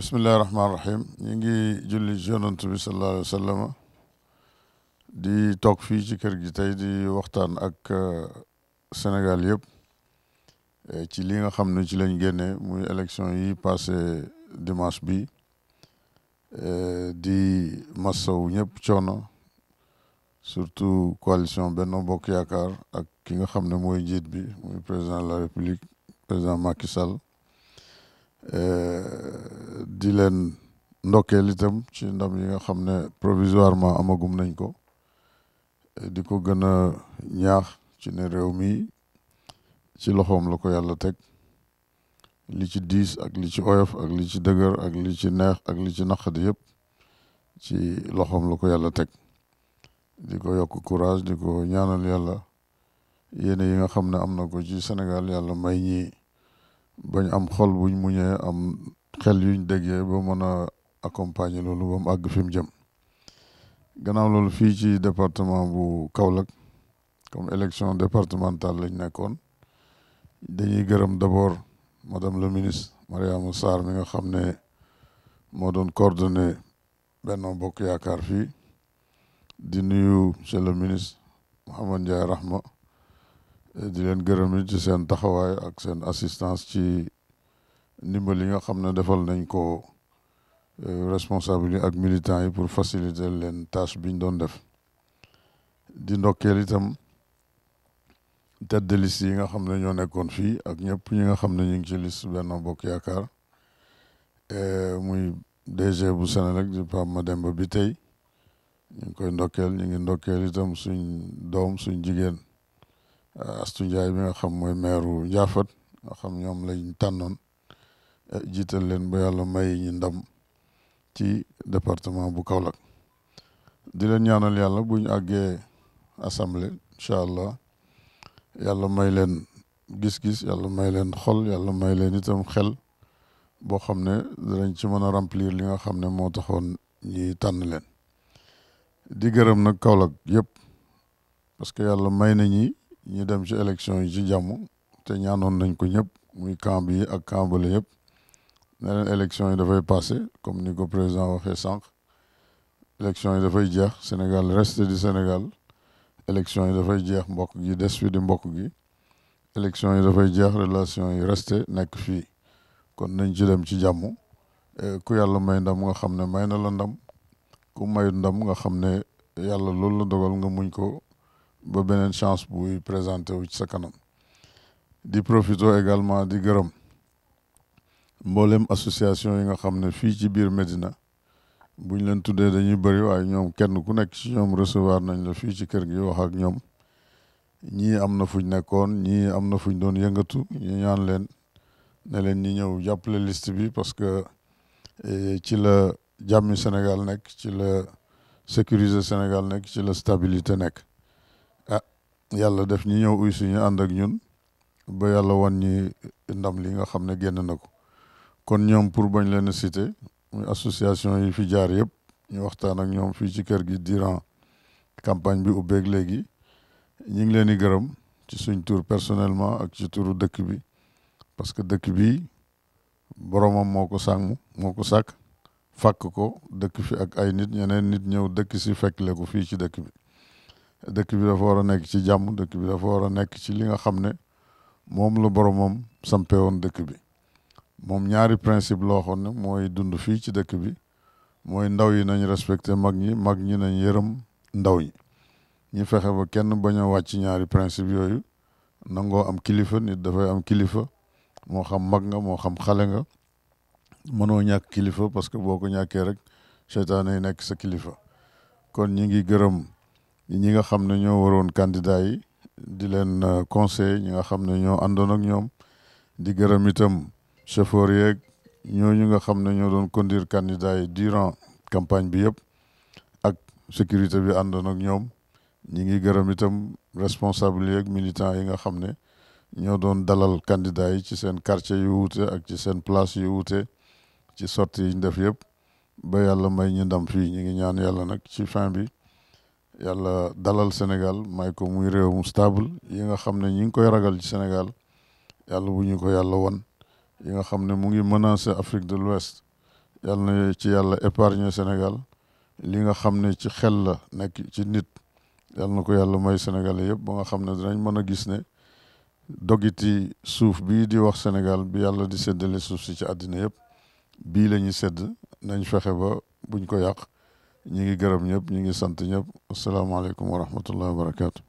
bismillahi rahmaani rahim ñu ngi julli ci yonent bi sallallahu alayhi di toog fii ci kër gi tey di waxtaan ak uh, Sénégal yëpp eh, ci li nga xam ne ci lañ génne muy élection yi passé dimanche bi eh, di massaw ñëpp coono surtout coalition Benno Bokk Yaakaar ak ki nga xam ne mooy njiit bi muy président de la République président Macky eh, di leen ndokkeel itam ci ndam yi nga xam ne provisoirement amagum nañ ko di ko gën a ñaax cine ne réew mi ci loxoom la ko yàlla teg li ci diis ak li ci oyof ak li ci dëgër ak li ci neex ak li ci naqadi yëpp ci loxoom la ko yàlla teg di ko yokk courage diko ko ñaanal yàlla yéene yi nga xam ne am na ko ci Sénégal yàlla may ñi bañ am xol buñ muñee am xel yuñ déggee ba mën a accompagner loolu ba mu àgg fi mu jëm gannaaw loolu fii ci département bu Kaolack comme élection départementale lañ nekkoon dañuy gërëm d'abord madame le ministre Mariama Sarr mi nga xam ne moo doon coordonner benn Bokk Yaakaar fii di nuyu monsieur le ministre Mohamed Ndiaye Rahma di leen gërëm ci seen taxawaay ak seen assistance ci ndimbal yi nga xam defal nañ ko euh, responsable ak militant yi pour faciliter leen tâche biñ doon def di ndokkeel itam tête de liste yi nga xam ne ñoo nekkoon fii ak ñëpp ñi nga xam ne ñu ngi ci liste Benno Bokk Yaakaar euh, muy DG bu Senelec di Pape Mademba bi tey ñu ngi koy ndokkeel ñu ngi ndokkeel itam suñ doom suñ jigéen Astu Njaay bi nga xam mooy maire Njaafat nga xam ñoom lañ tànnoon Eh, jiital leen ba yàlla may ñu ndam ci département bu Kaolack di leen ñaanal yàlla bu ñu àggee assemblée incha allah yàlla may leen gis-gis yàlla may leen xol yàlla may leen itam xel boo xam ne danañ ci mën a remplier li nga xam ne moo taxoon ñi tànn leen di gërëm nag Kaolack yëpp parce que yàlla may na ñi ñi dem ci élection yi ci jàmm te ñaanoon nañ ko ñëpp muy camp bi ak camp bële yëpp ne leen élection yi passé comme Nico président waxee sànq élection yi dafay jeex Sénégal reste du Sénégal élection yi dafay jeex mbokk gi des fi di mbokk gi élection relation il reste nekk fii kon nañ ci dem dans jàmm eh, ku yàlla may ndam nga xam ne may na la ndam ku mayu ndam nga xam ne yàlla loolu la dogal nga muñ ko ba benen chance buy présenter wu ci sa kanam di profito également di gërëm mboolem association yi nga xam ne fii ci biir Medina buñ leen tuddee dañuy bëri waaye ñoom kenn ku nekk ci ñoom recevoir nañ la fii ci kër gi wax ak ñoom ñii am na fuñ nekkoon ñii am na fuñ doon yëngatu ñu ñaan leen ne leen ñi ñëw jàppale list bi parce que eh, ci la jàmmi Sénégal nekk ci la sécuriser Sénégal nekk ci la stabilité nekk ah yàlla def ñi ñëw uy suñu ànd ñun ba yàlla wan ñi ndam li nga xam ne génn na ko kon ñoom pour bañ leen a cité muy association yi fi jaar yëpp ñu waxtaan ak ñoom fii ci kër gi durant campagne bi ubbeeg léegi ñu ngi leen di gërëm ci suñ tur personnellement ak ci turu dëkk bi parce que dëkk bi boromam moo ko sàmm moo ko sàkk fàkk ko dëkk fi ak ay nit ñeneen nit ñëw dëkk si fekk le ko fii ci dëkk bi dëkk bi dafa war a nekk ci jàmm dëkk bi dafa war a nekk ci li nga xam ne moom la boromam sampe woon dëkk bi moom ñaari principe loo xam mooy dund fii ci dëkk bi mooy ndaw yi nañ respecté mag ñi mag ñi nañ yërëm ndaw ñi ñi fexe ba kenn bañ a wàcc ñaari principe yooyu nangoo am kilifa nit dafay am kilifa moo xam mag nga moo xam xale nga mënoo ñàkk kilifa parce que boo ko ñàkkee rek seytaan yi nekk sa kilifa kon ñi ngi gërëm ñi nga xam ne ñoo waroon candidat yi di leen euh, conseil ñi nga xam ne ñoo àndoon ak ñoom di gërëm itam chauffeur yeeg ñooñu nga xam ne ñoo doon conduire candidat yi durant campagne bi yëpp ak sécurité bi àndoon ak ñoom ñi ngi gërëm itam responsable yeeg militant yi nga xam ne ñoo doon dalal candidat yi ci seen quartier yu wuute ak ci seen place yu wuute ci sortie yi ñu def yëpp ba yàlla may ñu ndam fii ñi ngi ñaan yàlla nak ci fin bi yàlla dalal Sénégal may ko muy réew mu stable yi nga xam ne ñi ngi koy ragal ci Sénégal yàlla bu ñu ko yàlla won yi nga xam ne mu ngi menacer Afrique de l'Ouest yàlla na ci yàlla épargne Sénégal li nga xam ne ci xel la nekk ci nit yàlla na ko yàlla may Sénégalais yëpp ba nga xam ne dinañ mën a gis ne dogiti suuf bi di wax Sénégal bi yàlla di séddale suuf si ci àddina yëpp bii la sedd nañ fexe ba buñ ko yàq ñi ngi gërëm ñëpp ñi ngi sant ñëpp asalaamaaleykum wa rahmatullahi wa barakaatu.